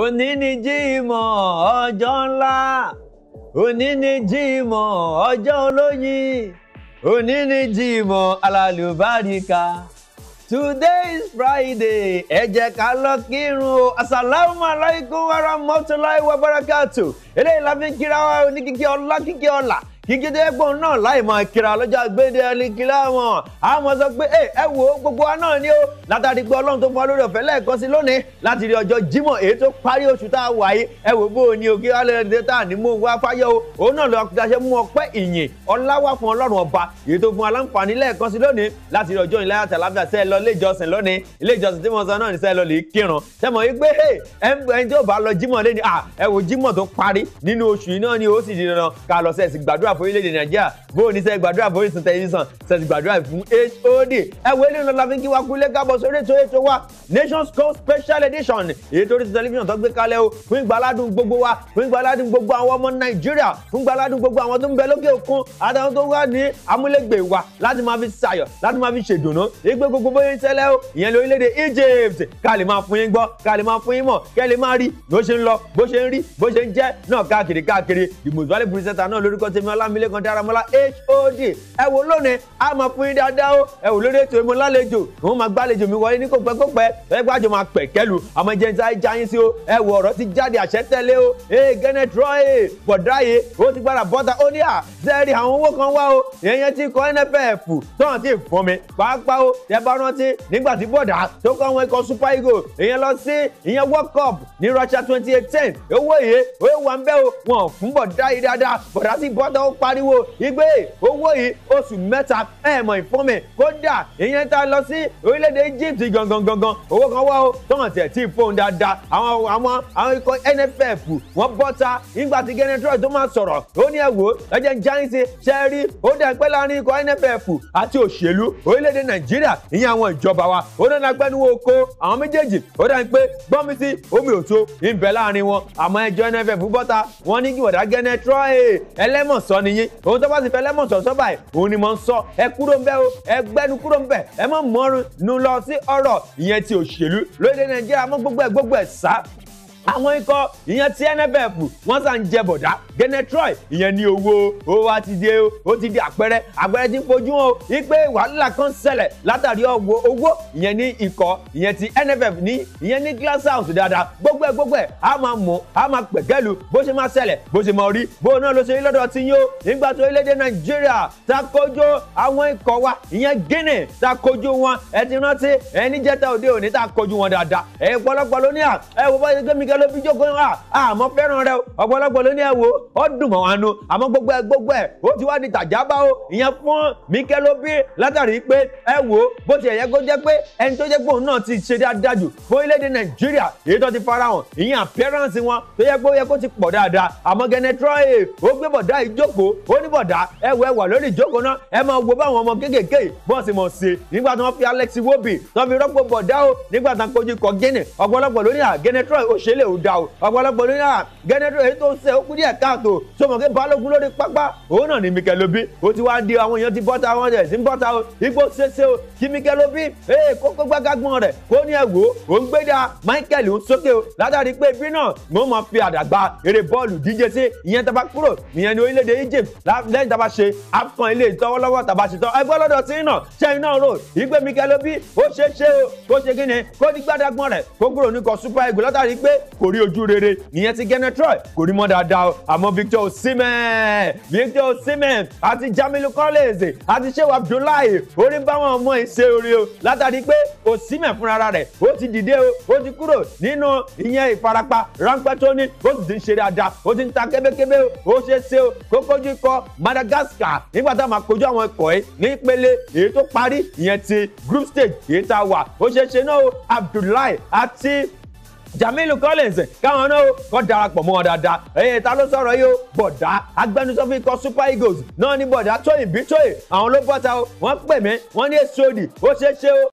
òní ni jímọ̀ ọjọ́ ńlá òní ni jímọ̀ ọjọ́ olóyin òní ni jímọ̀ alálùbáríkà today is friday ẹ jẹ́ ká lọ kírun o asalaamu alaykum wa rahmatulahi eléyìí la kíra wa oníkíkí ọlá kíkí ọlá gígídé ẹgbọ́n náà láì máa kíra lọ́jọ́ gbéde ẹni kílá wọn àmọ́ sọ pé ẹ wò ó gbogbo wa náà ni ó látàrí pé ọlọ́run tó fún wa lórí ọ̀fẹ́ lẹ́ẹ̀kan sí lónìí láti rí ọjọ́ jímọ̀ èyí tó parí oṣù tá a wà yìí ẹ wò bó o ní o kí alẹ́rẹ́dẹ́ tá a ní mú un wá fáyọ́ o òun náà lọ́ọ́ kíkà ṣe mú ọpẹ́ ìyìn ọlá wá fún ọlọ́run ọba èyí tó fún aláǹfààní lẹ́ẹ̀kan sí lónìí láti rí ọjọ́ ìlà àti àlàáfíà sẹ́ẹ̀ lọ ilé ni ó sì di dandan ká lọ sẹ́ẹ̀ sì gbàdúrà gbàdúrà fún orílẹ̀-èdè nàìjíríà bó o ní sẹ́ gbàdúrà fún Orísun tẹlifíṣàn sẹ́ ti gbàdúrà fún HOD ẹ̀wọ̀ ilé ìlànà fi kí wa kú ilé kábọ̀ sórí ètò ètò wa Nations Cup Special Edition èyí tó Orísun tẹlifíṣàn tó gbé kalẹ̀ o fún ìgbàládùn gbogbo wa fún ìgbàládùn gbogbo àwọn ọmọ nàìjíríà fún ìgbàládùn gbogbo àwọn tó ń bẹ lókè òkun àtàwọn tó wà ní amúlégbè wa láti máa fi ṣayọ̀ láti máa fi ṣèdùnnú ìgbé gbogbo bóyá ń tẹ́lẹ̀ o ìyẹn lórílẹ̀‐èdè Egypt ká lè máa fún yín gbọ́ ká lè máa fún yín mọ̀ kẹ́ lè máa rí bó ṣe ń lọ bó ṣe ń rí bó ṣe ń jẹ́ náà káàkiri káàkiri the most valuable presenter náà lórúkọ tèmi ọlá ọlámilékan dáramọ́lá hod ẹ wo lónìí a máa fún yín dáadáa o ẹ wò lórí ètò ìmọ̀ lálejò òun máa gbàlejò mi wọlé ní kò pẹ́ kò pẹ́ ẹgbẹ́ àjọ máa pẹ̀ kẹ́lu àmọ́ jẹ́ níta ẹja yín sí o ẹ wo ọ̀rọ̀ ti jáde àṣẹ tẹ́lẹ̀ o ee gẹ́nẹ́ trọ́ẹ̀ bọ̀dá yìí ó ti gbára bọ́ta ó ní à sẹ́ẹ̀rì àwọn owó kan wá o èèyàn ti kọ́ nff tọ́hún ti fún mi pàápàá o ẹ bá rántí nígbà tí bọ̀dá tó kọ́ àwọn ikọ̀ super eagles èèyàn lọ sí ìyẹn world cup ní russia twenty eighteen owó yìí ó wà ń bẹ́ ń pariwo igbe owó yìí oṣù mẹ́ta ẹ̀ mọ̀ ìfọ́nmi kódà ìyẹn tá a lọ sí orílẹ̀-èdè Egypt gangan gangan owó kan wá o tọ́hàn tẹ̀ tí fóun dáadáa àwọn àwọn àwọn ikọ̀ NFF wọ́n bọ́ta nígbà tí gẹ́nẹ́tírọ̀ tó máa sọ̀rọ̀ ó ní ẹ̀wò ẹ̀jẹ̀ ń jáìsì ó dà pẹ́ láàrin ikọ̀ NFF àti òṣèlú orílẹ̀-èdè Nàìjíríà ìyẹn àwọn ìjọba ọ̀tọ̀ nìyẹn òun tó bá sì fẹ́ lẹ́mọ̀ sọ̀sọ́ báyìí òun ni mò ń sọ ẹ kúrò ń bẹ́ o ẹ gbẹ́nu kúrò ń bẹ̀ ẹ mọ̀ mọ́rùn-ún lọ sí ọ̀rọ̀ ìyẹn ti òṣèlú lórílẹ̀ nàìjíríà mọ́ gbogbo ẹ̀ gbogbo ẹ̀ sá àwọn ikọ̀ ìyẹn ti nff wọ́n sàn ń jẹ bọ̀dá gẹ́nẹ́ troy ìyẹn ní owó owó a ti di ó ti di àpẹẹrẹ àpẹẹrẹ ti ń fojú hàn wípé wàhálà kan ṣẹlẹ̀ látàrí ọ̀wọ́ owó ìyẹn ní ikọ̀ ìyẹn ti nff ní ìyẹn ní glass house dáadáa gbọ́ gbogbo ẹ̀ gbogbo ẹ̀ a máa mọ̀ a máa pẹ̀gẹ́lu bó ṣe máa ṣẹlẹ̀ bó ṣe máa rí bó náà ló ṣe rí lọ́dọ̀ tí yín o nígbà tó orílẹ̀-èdè nàìjíríà takojú àwọn ikọ̀ wa ìyẹn guinea takojú wọn ẹ ti rántí ẹ ní jẹta òde òní takojú wọn dáadáa ẹ pọ̀lọpọ̀ ló ní à ẹ wo bọ́ọ̀lù gbẹmí kẹ ló fi jókòó à àmọ́ fẹ́ràn rẹ ọ̀pọ̀lọpọ̀ ló ní ẹ wo ó dùn mọ́ wọn nu àmọ́ gbogbo ẹ gbogbo ẹ ó ti wá di tàjábá o ìyẹn fún mikelobi látàrí pé ẹ wo bó ti ẹ̀yẹ kó jẹ́ pé ẹni tó jẹ́ pé òun náà ti ṣe dáadáa jù fún orílẹ̀ nàìjíríà èyí tó ti fara hàn ìyẹn appearance wọn tó yẹ pé ó yẹ kó ti pọ̀ dáadáa àmọ́ gẹnẹtírọ́ọ̀yè ó gbé bọ̀dá ìjókòó ó ní bọ̀dá ẹ wẹ wà lórí ìjókòó náà ẹ máa wo báwọn ọmọ kéékèèké bọ́ọ̀sì mọ̀ sí nígbà tí wọ́n fi Alex Iwobi tó fi rọ́pò bọ̀dá o nígbà tí wọ́n kojú kọ Guinea ọ̀pọ̀lọpọ̀ lórí à gẹnẹtírọ́ọ̀yè ó ṣe lè ó da o ọ̀pọ̀lọpọ̀ lórí à gẹnẹtírọ́ọ̀yè tó ń sẹ́ ó kú ni Mikelobi ó ti wá di àwọn èèyàn ti bọ́ta wọn jẹ̀ sí bọ́ta o igbó ṣeṣe o kí Mikelobi ee eh, kókó gbágágbọ́n rẹ̀ kó ní ẹ̀wò òun gbé Michael ń látàrí pé ibi náà mo mọ fi àdàgbà eré bọ́ọ̀lù díje sí ìyẹn tá bá kúrò ìyẹn ní orílẹ̀-èdè Egypt lẹ́yìn tá bá ṣe AFCON ilé ìtọ́wọ́lọ́wọ́ tá bá ṣe tán ẹgbẹ́ lọ́dọ̀ sí iná ṣe iná rò ìgbé Mikel Obi ó ṣe ṣe o kó ṣe kí ni kó ní gbàdágbọ́n rẹ̀ kó kúrò ní Super Eagles látàrí pé kò rí ojú rere ìyẹn ti Gene Troy kò rí mọ́ dáadáa àmọ́ Victor Osimhen Victor Osimhen àti Jamilu Collins àti Shehu Abdullahi orí báwọn ọmọ ìṣe orí o látàrí pé Osimhen fúnra rẹ̀ ó ti o ó ti kúrò nínú ìyẹn ìfarapa ráńpẹ́ tó ní bó ti ń ṣe dáadáa ó ti ń ta kébékébé ó ṣe ṣe o kókójú ikọ̀ Madagascar nígbà tá a máa kojú àwọn ikọ̀ yìí ní ìpele èyí tó parí ìyẹn ti group stage èyí tá a wà ó ṣe é ṣe náà o Abdullahi àti Jamilu Collins káwọn náà kọ́ darapọ̀ mọ́ wọn dáadáa ẹ̀yẹ ta ló sọ̀rọ̀ yìí o bọ̀dá agbẹnusọ fún ikọ̀ Super Eagles náà ní bọ̀dá tóyìn bí tóyìn àwọn ló bọ́ta o wọ́n pè mí wọ́n ní èso òdì ó ṣeé ṣe o